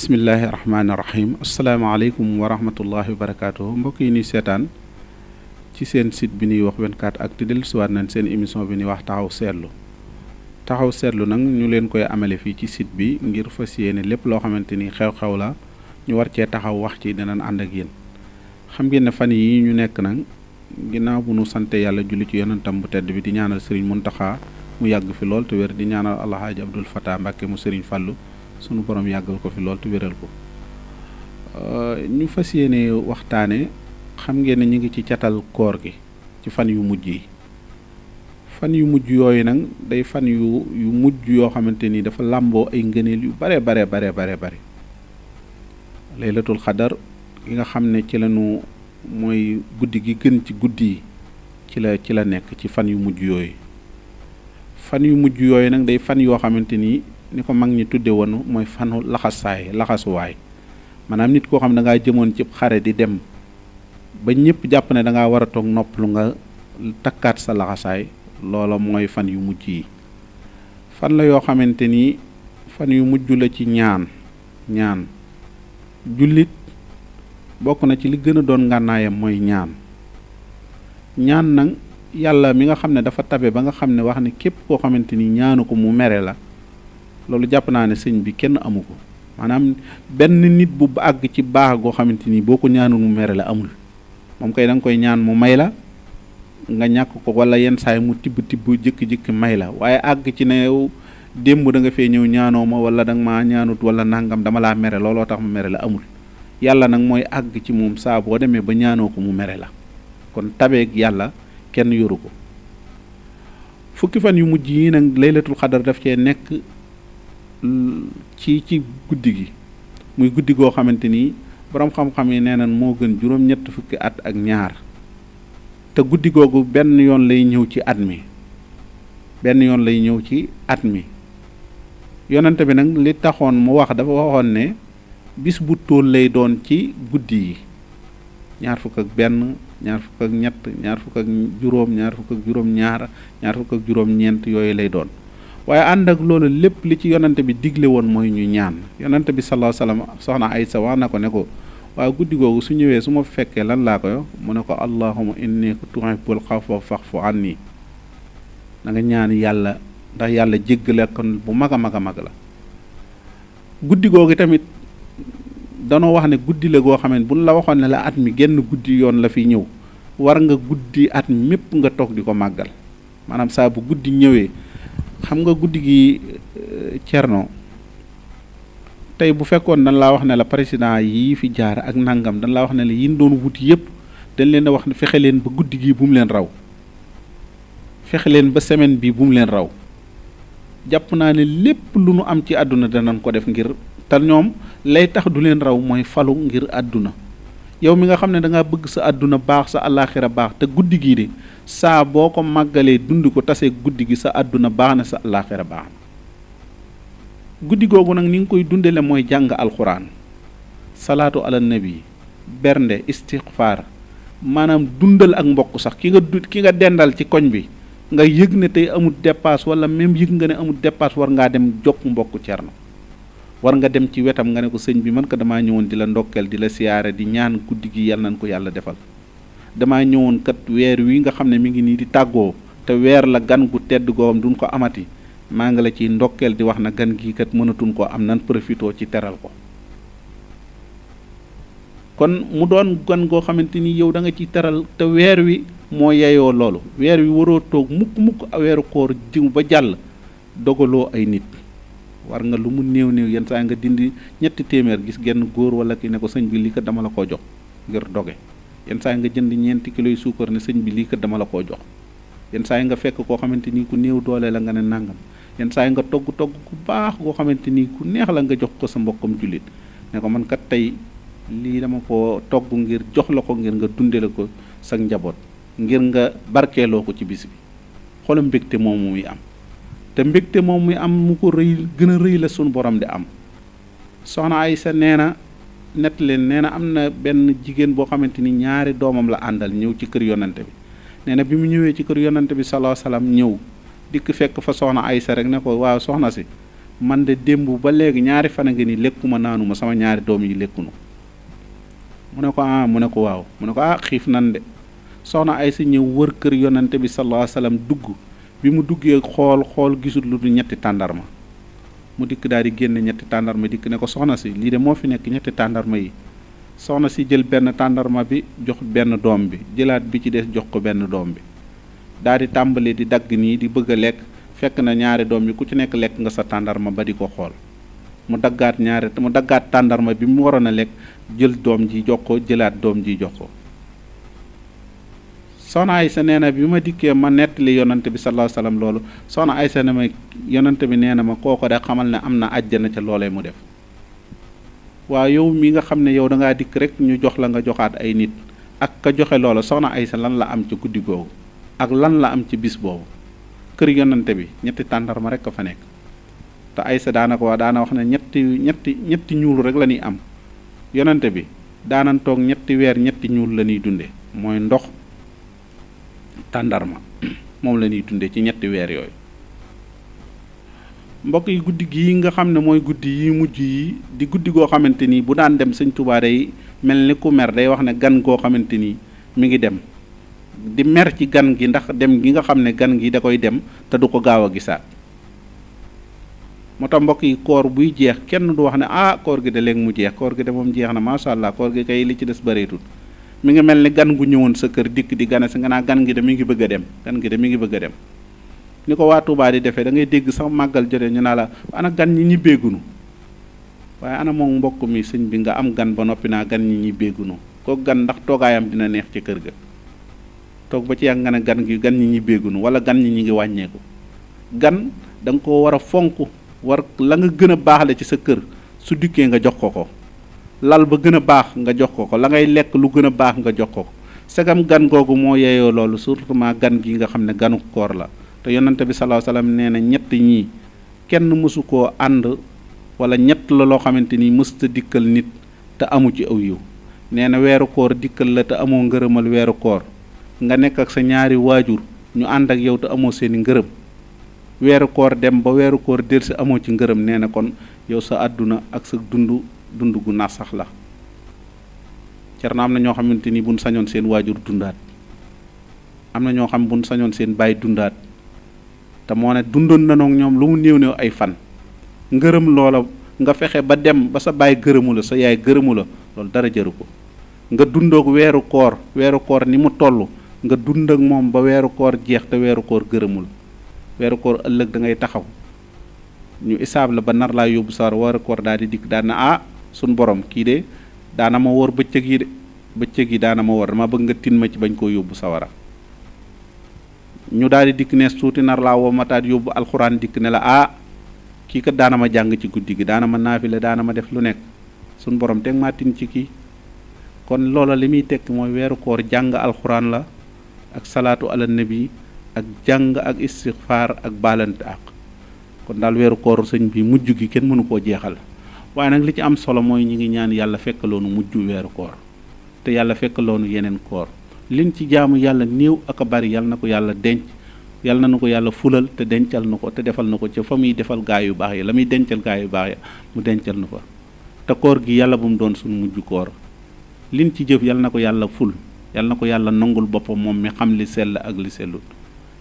bismillahi rahmaani rahim asalaamaaleykum wa rahmatullahi wa barakaatuhu mbokk yi ñuy seetaan ci seen sit bi ñuy wax 24 actu siwaat nañ seen émission bi nuy wax taxaw seetlu taxaw seetlu nag ñu leen koy amale fii ci sit bi ngir fas yéene lépp loo xamante ni xew-xew la ñu war cee taxaw wax ci dinañ ànd ak yéen xam ngeen ne fan yi ñu nekk nag ginnaaw bu nu sante yàlla julli ci yonentam bu tedd bi di ñaanal Serigne Mountakha mu yàgg fi lool te wér di ñaanal Alhaaji Abdul Fatah mu Serigne Fallou sunu borom yàggal ko fi lool te wéral ko euh, ñu fas yéene waxtaane xam ngeen ne ñu ngi ci catal koor gi ci fan yu mujj yi fan yu mujj yooyu nag day fan yu yu mujj yoo xamante ni dafa làmboo ay ngëneel yu bare bare bare bare bare latul xadar gi nga xam ne ci lañu mooy guddi gi gën ci guddi yi ci la ci la nekk ci fan yu mujj yooyu fan yu mujj yooyu nag day fan yoo xamante ni ni ko mag ñi tudde woon mooy fanu laxasaay laxasuwaay maanaam nit koo xam ne da jëmoon ci xare di dem ba ñëpp jàpp ne da ngaa war a toog noppalu nga takkaat sa laxasaay loola mooy fan yu mujj yi fan la yoo xamante ni fan yu mujj la ci ñaan ñaan jullit bokk na ci li gën a doon ngànnaayam mooy ñaan ñaan nag yàlla mi nga xam ne dafa tabe ba nga xam ne wax ne képp koo xamante ni ñaanu ko mu mere la loolu jàpp naa ne sëñ bi kenn amu ko maanaam benn nit bu àgg ci baax goo xamante ni boo ko ñaanul mu mere la amul moom kay danga koy ñaan mu may la nga ñàkk ko wala yenn saay mu tibb tibb jëkki-jëkki may la waaye àgg ci ne démb da nga fee ñëw ñaanoo ma wala da nga maa ñaanut wala nangam dama laa mere looloo tax mu mere la amul yàlla nag mooy àgg ci moom saa boo demee ba ñaanoo ko mu mere la kon tabeeg yàlla kenn yoru ko fukki fan yu mujj yi nag laylatul xadar nekk ci ci guddi gi muy guddi goo xamante ni borom xam-xam yi nee nañ moo gën juróom-ñett fukki at ak ñaar te guddi googu benn yoon lay ñëw ci at mi benn yoon lay ñëw ci at mi yonente bi nag li taxoon mu wax dafa waxoon ne bis bu tóol lay doon ci guddi yi ñaar fukk ak benn ñaar fukk ak ñett ñaar fukk ak juróom ñaar fukk ak juróom ñaar ñaar fukk ak juróom ñeent yooyu lay doon waaye ànd ak loolu lépp li ci yonante bi digle woon mooy ñu ñaan yonante bi sallallahu alayhi wasallam soxna Aysa wax na ko ne ko waaye guddi googu su ñëwee su ma fekkee lan laa koy mu ne ko allahuma inni tuhibbul afwa fa'fu anni da nga ñaan yàlla ndax yàlla jéggale kon bu mag a mag a mag la guddi googu tamit danoo wax ne guddi la goo xam ne buñ la waxoon ne la at mi genn guddi yoon la fi ñëw war nga guddi at mépp nga toog di ko màggal maanaam saa bu guddi ñëwee xam nga guddi gi euh, Thierno tey bu fekkoon dañ laa wax ne la président yii fi jaar ak nangam dañ laa wax ne la yin doon wut yëpp dañ leen a wax ne fexe leen ba guddi gi bu mu leen raw fexe leen ba semaine bi bu leen raw jàpp naa ne lépp lu nu am ci àdduna danañ ko def ngir te ñoom lay tax du leen raw mooy falu ngir àdduna yow mi nga xam ne da bëgg sa àdduna baax sa àllaaxira baax te guddi gii di saa boo ko màggalee dund ko tasee guddi gi sa àdduna baax na sa àllaaxira baax na guddi googu nag ni nga koy dundale mooy jàng alxuraan salaatu ala nabi bernde istighfar maanaam dundal ak mbokk sax ki nga du ki nga dendal ci koñ bi nga yëg ne tey amul dépasse wala même yëg nga ne amul dépasse war ngaa dem jokk mbokk na war nga dem ci wetam nga ne ko sëñ bi mën ko damaa ñëwoon di la ndokkeel di la siyaare di ñaan guddi gi yàlla nañ ko yàlla defal damaa ñëwoon kat weer wi nga xam ne mi ngi nii di tàggoo te weer la gan gu tedd goom duñ ko amati maa ngi la ciy ndokkeel di wax na gan gii kat mënatuñ ko am nan profitoo ci teral ko kon mu doon gan goo xamante ni yow danga nga ciy teral te weer wi moo yeyoo loolu weer wi waroo toog mukk mukk weeru koor jiw ba jàll dogaloo ay nit war nga lu mu néew néew yenn saa nga dindi ñetti téeméer gis genn góor wala ki ne ko sëñ bi lii kat dama la koo jox ngir doge yenn saa nga jënd ñeenti kilos yu suukar ne sëñ bi lii kat dama la koo jox yenn saa nga fekk koo xamante ni ku néew doole la nga ne nàngam yenn saa nga togg togg ku baax koo xamante ni ku neex la nga jox ko sa mbokkam jullit ne ko man kat tey lii dama koo togg ngir jox la ko ngir nga dunde la ko sa njaboot ngir nga barkeeloo ko ci bis bi xolam mbégte moomu muy am. te moom muy am mu ko rëy gën a rëy la suñu borom di am soxna Aysa nee na nett leen nee na am na benn jigéen boo xamante ni ñaari doomam la àndal ñëw ci kër yonante bi nee na bi mu ñëwee ci kër yonante bi salaa salaam ñëw dikk fekk fa soxna Aysa rek ne ko waaw soxna si man de démb ba léegi ñaari fan a ngi ni lekkuma naanuma sama ñaari doom yi lekkunu mu ne ko ah mu ne ko waaw mu ne ko ah xiif nan de soxna Aysa ñëw wër kër yonante bi salaa salaam dugg bi mu duggee xool xool gisul lu ñetti tàndarma mu dikk daal di génne ñetti tàndarma dikk ne ko soxna si lii de moo fi nekk ñetti tàndarma yi soxna si jël benn tàndarma bi jox benn doom bi jëlaat bi ci des jox ko benn doom bi daal di tàmbali di dagg nii di bëgg a lekk fekk na ñaari doom yi ku ci nekk lekk nga sa tàndarma ba di ko xool mu daggaat ñaari mu daggaat tàndarma bi mu waroon a lekk jël doom ji jox ko jëlaat doom ji jox ko soxna Aysa nee na bi ma dikkee ma nettali yonante bi sallallahu alayhi wasallam loolu soxna Aysa ne ma yonante bi nee na ma kooko de xamal ne am na àjjana ca loolee mu def waa yow mi nga xam ne yow da ngaa dikk rek ñu jox la nga joxaat ay nit ak ka joxe loola soxna Aysa lan la am ca guddi googu ak lan la am ci bis boobu kër yonante bi ñetti tàndarma rek a fa nekk te Aysa daana ko wax daana wax ne ñetti ñetti ñetti ñuul rek la ñuy am yonante bi daanan toog ñetti weer ñetti ñuul la ñuy dunde mooy ndox tàndarma moom la ñuy ci ñetti weer yooyu mbokk yi guddi gii nga xam ne mooy guddi yi mujj yi di guddi goo xamante ni bu daan dem sëñ Tuubaa day mel ni ku mer day wax ne gan goo xamante ni mi ngi dem di mer ci gan gi ndax dem gi nga xam ne gan gi da koy dem te du ko gaaw a gisaat moo tax mbokk yi koor buy jeex kenn du wax ne ah koor gi de léegi mu jeex koor gi de jeex na macha allah koor gi kay li ci des bëreetut mi ngi mel ni gan gu ñëwoon sa kër dikk di gane si nga naa gan gi de mi ngi bëgg a dem gan gi de mi ngi bëgga dem ni ko waa Touba di defee da ngay dégg sa màggal jotee ñu naa la ana gan ñi ñibbeegunu waaye ana moom mbokk mi sëñ bi nga am gan ba noppi naa gan ñi ñibbeegunu ko gan ndax toogaayam dina neex ci kër ga toog ba ci yàgg nga ne gan gi gan ñi ñibbeegunu wala gan ñi ñi ngi wàññeeku gan danga ko war a fonk war la nga gën a baaxale ci sa kër su dikkee nga jox ko ko lal ba gën a baax nga jox ko ko la ngay lekk lu gën a baax nga jox ko ko segam gan googu moo yeeyoo loolu surtout gan gi nga xam ne ganu koor la te yonante bi salaahu salaam nee na ñett ñii kenn mësu koo ànd wala ñett la loo xamante ni mësta dikkal nit te amu ci aw yiw nee na weeru koor dikkal la te amoo ngërëmal weeru koor nga nekk ak sa ñaari waajur ñu ànd ak yow te amoo seeni ngërëm weeru koor dem ba weeru koor si amoo ci ngërëm nee na kon yow sa àdduna ak sa dund dund gu naas sax la na am na ñoo xamante ni buñ sañoon seen waajur dundaat am na ñoo xam buñ sañoon seen baay dundaat te moo ne dundoon na ñoom lu mu néew néew ay fan ngërëm loola nga fexe ba dem ba sa baay gërëmu la sa yaay gërëmu la dara jëru ko nga dundoog weeru koor weeru koor ni mu toll nga dundak moom ba weeru koor jeex te weeru koor gërëmul weeru koor ëllëg da ngay taxaw ñu isaab la ba nar laa yóbbu sawar weeru koor daal di dikk daal na ah sun borom kii de daana ma wóor bëccëg yi de bëccëg yi daana ma wóor dama bëgg nga tin ma ci bañ koo yóbbu sawara ñu daal di dikk nees tuuti nar laa woo mataat yóbbu alxuraan dikk ne la ah kii kat daana ma jàng ci guddi gi daana ma naafile daana ma def lu nekk sun borom teg ma tin ci kii kon loola li muy tekk mooy weeru koor jàng alxuraan la ak salaatu ala nabi ak jàng ak istixfaar ak baalante kon daal weeru koor sëñ bi mujj gi kenn mënu koo jeexal waaye nag li ci am solo mooy ñu ngi ñaan yàlla fekkaloonu mujj weeru koor te yàlla fekkaloonu yeneen koor liñ ci jaamu yàlla néew ak a bari yàlla na ko yàlla denc yàlla na nu ko yàlla fulal te dencal na ko te defal na ko ci fa muy defal gaay yu baax yi la muy dencal gaay yu baax ya mu dencal nu fa te koor gi yàlla bu mu doon suñu mujj koor liñ ci jëf yàlla na ko yàlla ful yàlla na ko yàlla nangul boppam moom mi xam li sell ak li sellut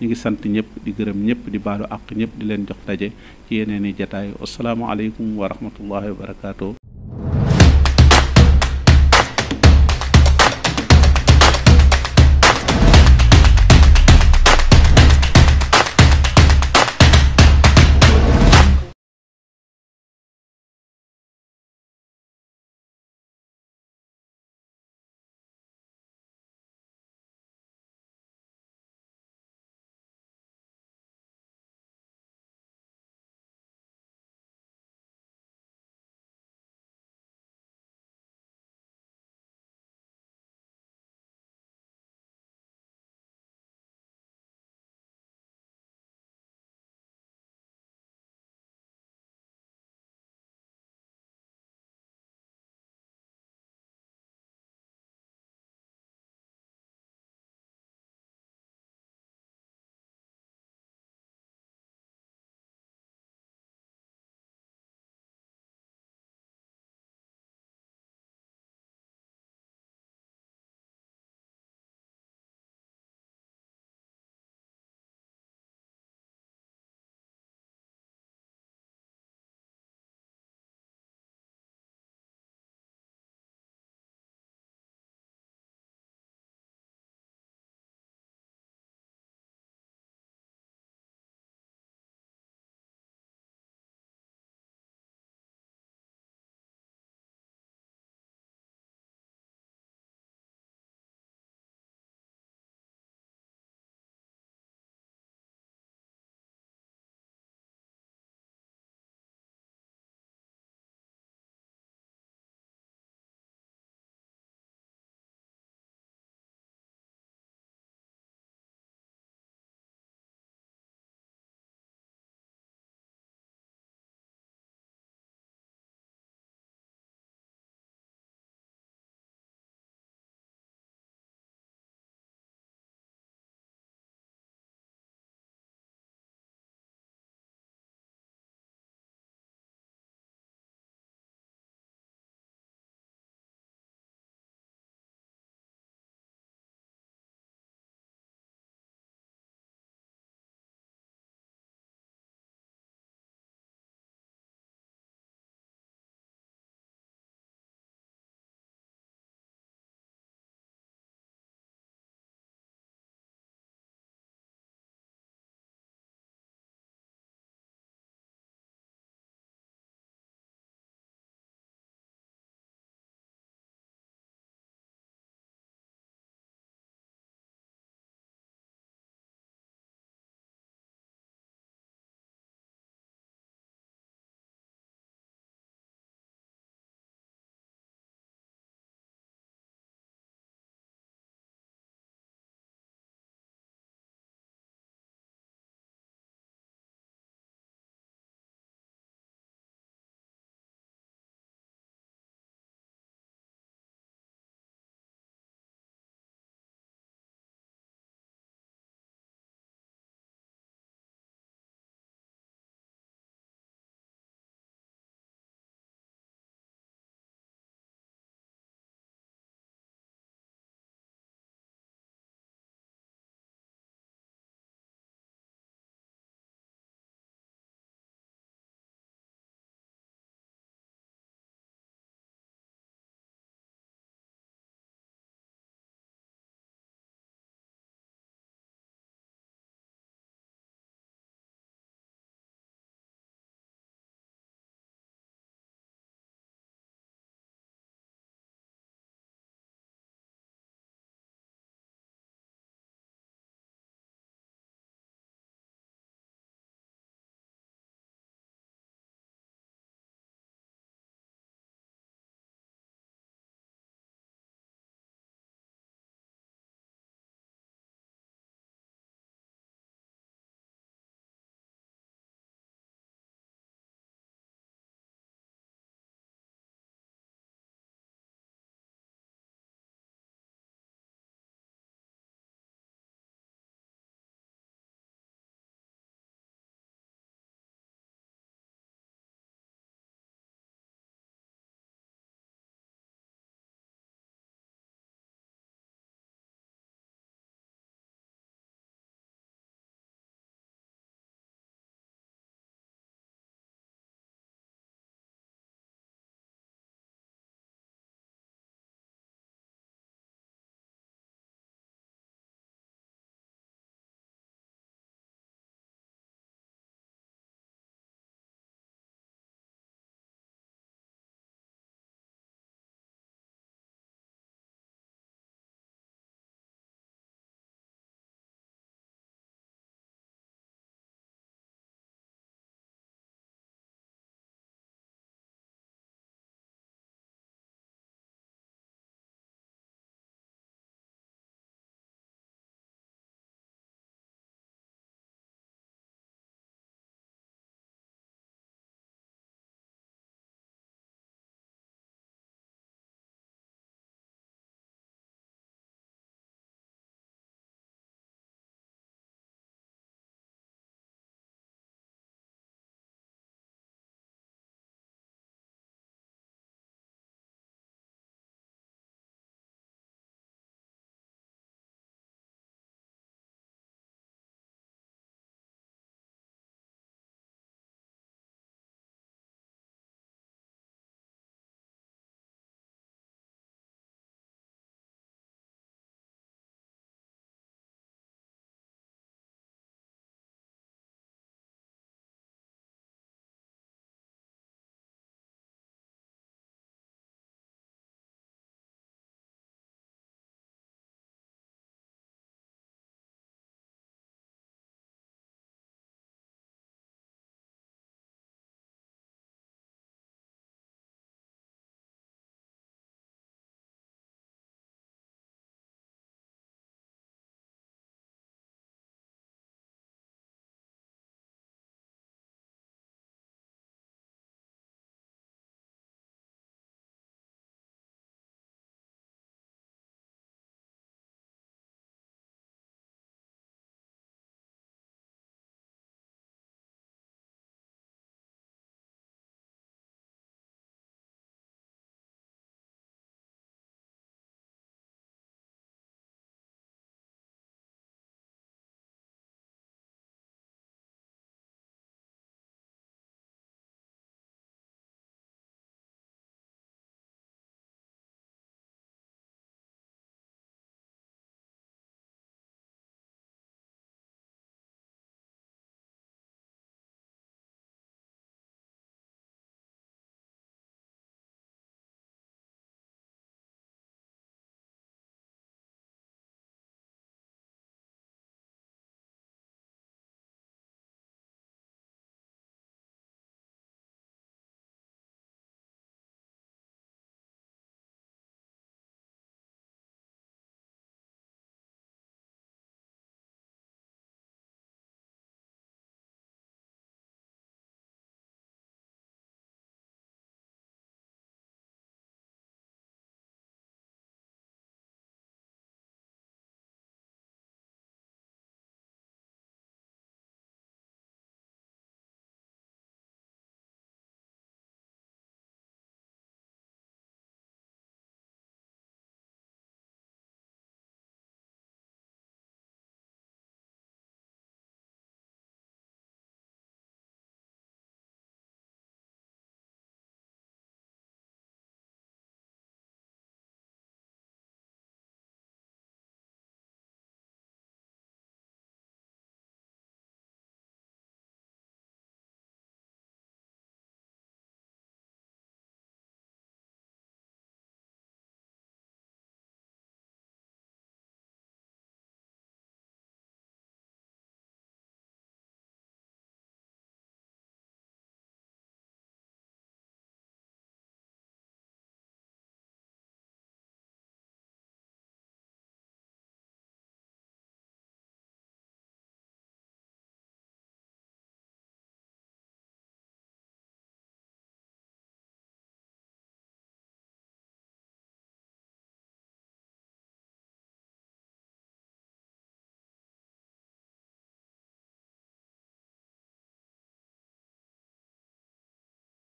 ñu ngi sant ñëpp di gërëm ñëpp di baalu àq ñëpp di leen jox daje ci yeneen i jataay asalaamaaleykum wa rahmatullahi wa barakaatu